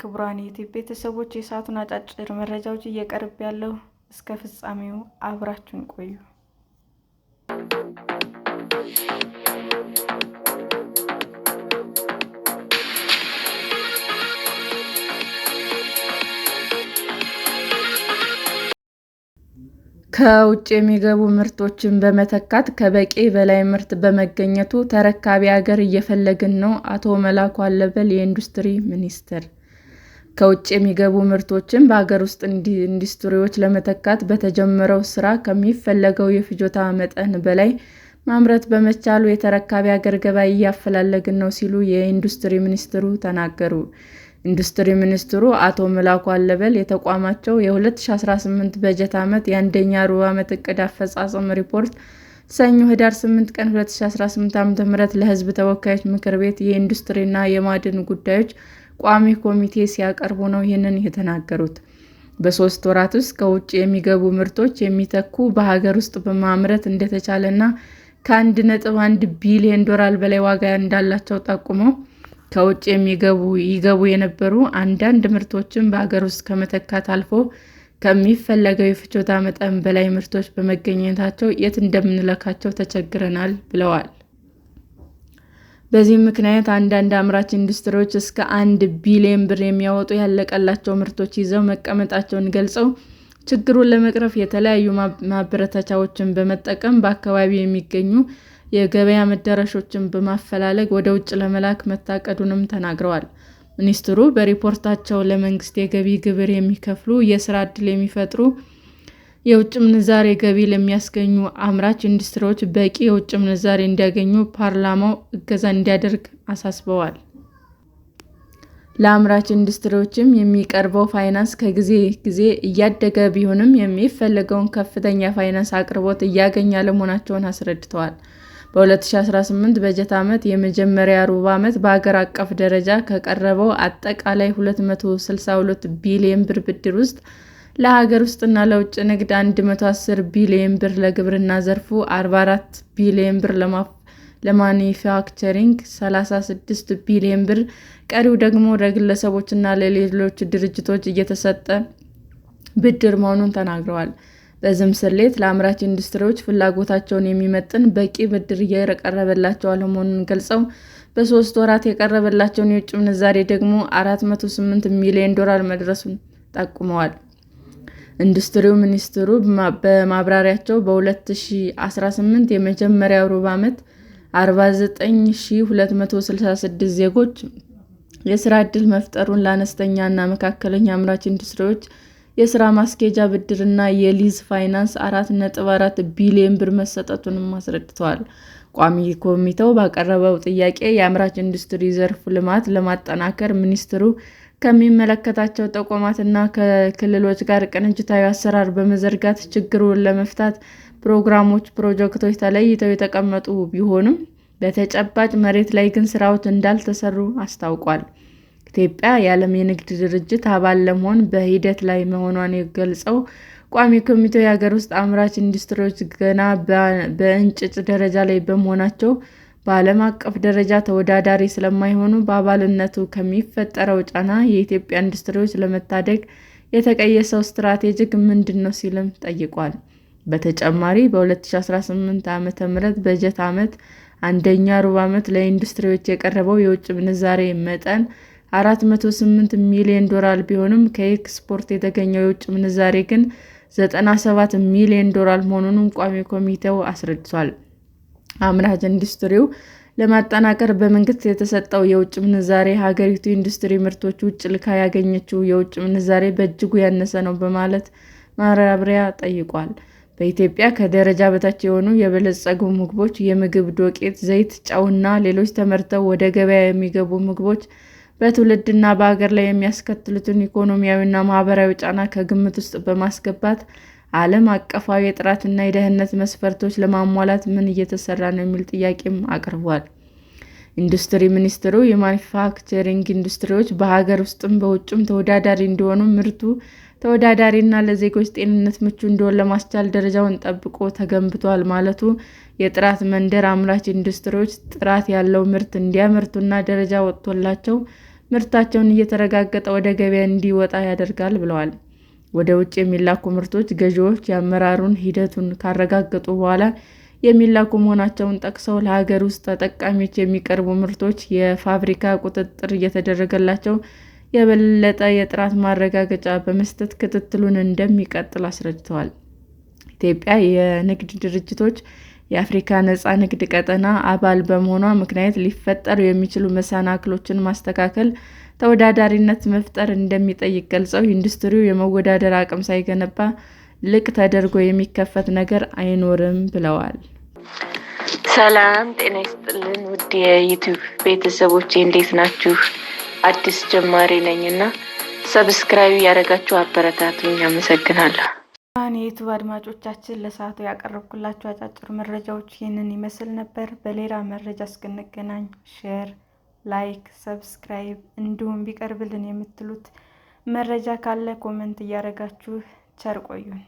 ክቡራን ዩቲዩብ ቤተሰቦች የሰዓቱን አጫጭር መረጃዎች እየቀርብ ያለው እስከ ፍጻሜው አብራችሁን ቆዩ። ከውጭ የሚገቡ ምርቶችን በመተካት ከበቂ በላይ ምርት በመገኘቱ ተረካቢ ሀገር እየፈለግን ነው። አቶ መላኩ አለበል የኢንዱስትሪ ሚኒስትር። ከውጭ የሚገቡ ምርቶችን በሀገር ውስጥ ኢንዱስትሪዎች ለመተካት በተጀመረው ስራ ከሚፈለገው የፍጆታ መጠን በላይ ማምረት በመቻሉ የተረካቢ ሀገር ገበያ እያፈላለግን ነው ሲሉ የኢንዱስትሪ ሚኒስትሩ ተናገሩ። ኢንዱስትሪ ሚኒስትሩ አቶ መላኩ አለበል የተቋማቸው የ2018 በጀት ዓመት የአንደኛ ሩብ ዓመት ዕቅድ አፈጻጸም ሪፖርት ሰኞ ህዳር 8 ቀን 2018 ዓ.ም ለሕዝብ ተወካዮች ምክር ቤት የኢንዱስትሪና የማዕድን ጉዳዮች ቋሚ ኮሚቴ ሲያቀርቡ ነው ይህንን የተናገሩት። በሶስት ወራት ውስጥ ከውጭ የሚገቡ ምርቶች የሚተኩ በሀገር ውስጥ በማምረት እንደተቻለና ከ1.1 ቢሊዮን ዶላር በላይ ዋጋ እንዳላቸው ጠቁመው ከውጭ የሚገቡ ይገቡ የነበሩ አንዳንድ ምርቶችን በሀገር ውስጥ ከመተካት አልፎ ከሚፈለገው የፍጆታ መጠን በላይ ምርቶች በመገኘታቸው የት እንደምንለካቸው ተቸግረናል ብለዋል። በዚህም ምክንያት አንዳንድ አምራች ኢንዱስትሪዎች እስከ አንድ ቢሊዮን ብር የሚያወጡ ያለቀላቸው ምርቶች ይዘው መቀመጣቸውን ገልጸው ችግሩን ለመቅረፍ የተለያዩ ማበረታቻዎችን በመጠቀም በአካባቢው የሚገኙ የገበያ መዳረሾችን በማፈላለግ ወደ ውጭ ለመላክ መታቀዱንም ተናግረዋል። ሚኒስትሩ በሪፖርታቸው ለመንግስት የገቢ ግብር የሚከፍሉ፣ የስራ ዕድል የሚፈጥሩ፣ የውጭ ምንዛሬ ገቢ ለሚያስገኙ አምራች ኢንዱስትሪዎች በቂ የውጭ ምንዛሬ እንዲያገኙ ፓርላማው እገዛ እንዲያደርግ አሳስበዋል። ለአምራች ኢንዱስትሪዎችም የሚቀርበው ፋይናንስ ከጊዜ ጊዜ እያደገ ቢሆንም የሚፈለገውን ከፍተኛ የፋይናንስ አቅርቦት እያገኙ አለመሆናቸውን አስረድተዋል። በ2018 በጀት ዓመት የመጀመሪያ ሩብ ዓመት በአገር አቀፍ ደረጃ ከቀረበው አጠቃላይ 262 ቢሊዮን ብር ብድር ውስጥ ለሀገር ውስጥና ለውጭ ንግድ 110 ቢሊዮን ብር፣ ለግብርና ዘርፉ 44 ቢሊዮን ብር፣ ለማኒፋክቸሪንግ 36 ቢሊዮን ብር፣ ቀሪው ደግሞ ለግለሰቦችና ለሌሎች ድርጅቶች እየተሰጠ ብድር መሆኑን ተናግረዋል። በዚህም ስሌት ለአምራች ኢንዱስትሪዎች ፍላጎታቸውን የሚመጥን በቂ ብድር እየቀረበላቸው አለመሆኑን ገልጸው በሶስት ወራት የቀረበላቸውን የውጭ ምንዛሬ ደግሞ 408 ሚሊዮን ዶላር መድረሱን ጠቁመዋል። ኢንዱስትሪው ሚኒስትሩ በማብራሪያቸው በ2018 የመጀመሪያ ሩብ ዓመት 49266 ዜጎች የስራ ዕድል መፍጠሩን ለአነስተኛ ና መካከለኛ አምራች ኢንዱስትሪዎች የስራ ማስኬጃ ብድርና የሊዝ ፋይናንስ 4.4 ቢሊዮን ብር መሰጠቱንም አስረድተዋል። ቋሚ ኮሚቴው ባቀረበው ጥያቄ የአምራች ኢንዱስትሪ ዘርፍ ልማት ለማጠናከር ሚኒስቴሩ ከሚመለከታቸው ተቋማትና ከክልሎች ጋር ቅንጅታዊ አሰራር በመዘርጋት ችግሩን ለመፍታት ፕሮግራሞች፣ ፕሮጀክቶች ተለይተው የተቀመጡ ቢሆንም በተጨባጭ መሬት ላይ ግን ስራዎች እንዳልተሰሩ አስታውቋል። ኢትዮጵያ የዓለም የንግድ ድርጅት አባል ለመሆን በሂደት ላይ መሆኗን የገለጸው ቋሚ ኮሚቴው፣ የሀገር ውስጥ አምራች ኢንዱስትሪዎች ገና በእንጭጭ ደረጃ ላይ በመሆናቸው በዓለም አቀፍ ደረጃ ተወዳዳሪ ስለማይሆኑ በአባልነቱ ከሚፈጠረው ጫና የኢትዮጵያ ኢንዱስትሪዎች ለመታደግ የተቀየሰው ስትራቴጂክ ምንድን ነው ሲልም ጠይቋል። በተጨማሪ በ2018 ም በጀት ዓመት አንደኛ ሩብ ዓመት ለኢንዱስትሪዎች የቀረበው የውጭ ምንዛሬ መጠን 408 ሚሊዮን ዶላር ቢሆንም ከኤክስፖርት የተገኘው የውጭ ምንዛሬ ግን 97 ሚሊዮን ዶላር መሆኑንም ቋሚ ኮሚቴው አስረድቷል። አምራች ኢንዱስትሪው ለማጠናቀር በመንግስት የተሰጠው የውጭ ምንዛሬ ሀገሪቱ ኢንዱስትሪ ምርቶች ውጭ ልካ ያገኘችው የውጭ ምንዛሬ በእጅጉ ያነሰ ነው በማለት ማብራሪያ ጠይቋል። በኢትዮጵያ ከደረጃ በታች የሆኑ የበለጸጉ ምግቦች፣ የምግብ ዱቄት፣ ዘይት፣ ጨውና ሌሎች ተመርተው ወደ ገበያ የሚገቡ ምግቦች በትውልድና በሀገር ላይ የሚያስከትሉትን ኢኮኖሚያዊና ማህበራዊ ጫና ከግምት ውስጥ በማስገባት ዓለም አቀፋዊ የጥራትና የደህንነት መስፈርቶች ለማሟላት ምን እየተሰራ ነው የሚል ጥያቄም አቅርቧል። ኢንዱስትሪ ሚኒስትሩ የማኒፋክቸሪንግ ኢንዱስትሪዎች በሀገር ውስጥም በውጭም ተወዳዳሪ እንዲሆኑ ምርቱ ተወዳዳሪና ለዜጎች ጤንነት ምቹ እንዲሆን ለማስቻል ደረጃውን ጠብቆ ተገንብቷል ማለቱ የጥራት መንደር አምራች ኢንዱስትሪዎች ጥራት ያለው ምርት እንዲያመርቱና ደረጃ ወጥቶላቸው ምርታቸውን እየተረጋገጠ ወደ ገበያ እንዲወጣ ያደርጋል ብለዋል። ወደ ውጭ የሚላኩ ምርቶች ገዢዎች የአመራሩን ሂደቱን ካረጋገጡ በኋላ የሚላኩ መሆናቸውን ጠቅሰው ለሀገር ውስጥ ተጠቃሚዎች የሚቀርቡ ምርቶች የፋብሪካ ቁጥጥር እየተደረገላቸው የበለጠ የጥራት ማረጋገጫ በመስጠት ክትትሉን እንደሚቀጥል አስረድተዋል። ኢትዮጵያ የንግድ ድርጅቶች የአፍሪካ ነፃ ንግድ ቀጠና አባል በመሆኗ ምክንያት ሊፈጠሩ የሚችሉ መሰናክሎችን ማስተካከል፣ ተወዳዳሪነት መፍጠር እንደሚጠይቅ ገልጸው ኢንዱስትሪው የመወዳደር አቅም ሳይገነባ ልቅ ተደርጎ የሚከፈት ነገር አይኖርም ብለዋል። ሰላም ጤና ይስጥልን ውድ የዩቱብ ቤተሰቦች እንዴት ናችሁ? አዲስ ጀማሪ ነኝ እና ሰብስክራይብ ያደረጋችሁ አበረታቱኝ። አመሰግናለሁ። የዩቱብ አድማጮቻችን ለሰዓቱ ያቀረብኩላችሁ አጫጭር መረጃዎች ይህንን ይመስል ነበር። በሌላ መረጃ እስክንገናኝ ሼር፣ ላይክ፣ ሰብስክራይብ እንዲሁም ቢቀርብልን የምትሉት መረጃ ካለ ኮመንት እያደረጋችሁ ቸር ቆዩን።